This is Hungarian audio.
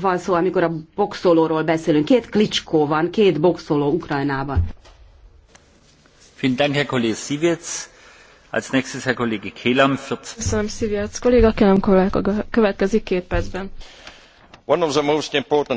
van szó, amikor a boxolóról beszélünk. Két klicskó van, két boxoló Ukrajnában. Köszönöm, Sziviec kolléga, Kelem kolléga következik két percben. One of the most important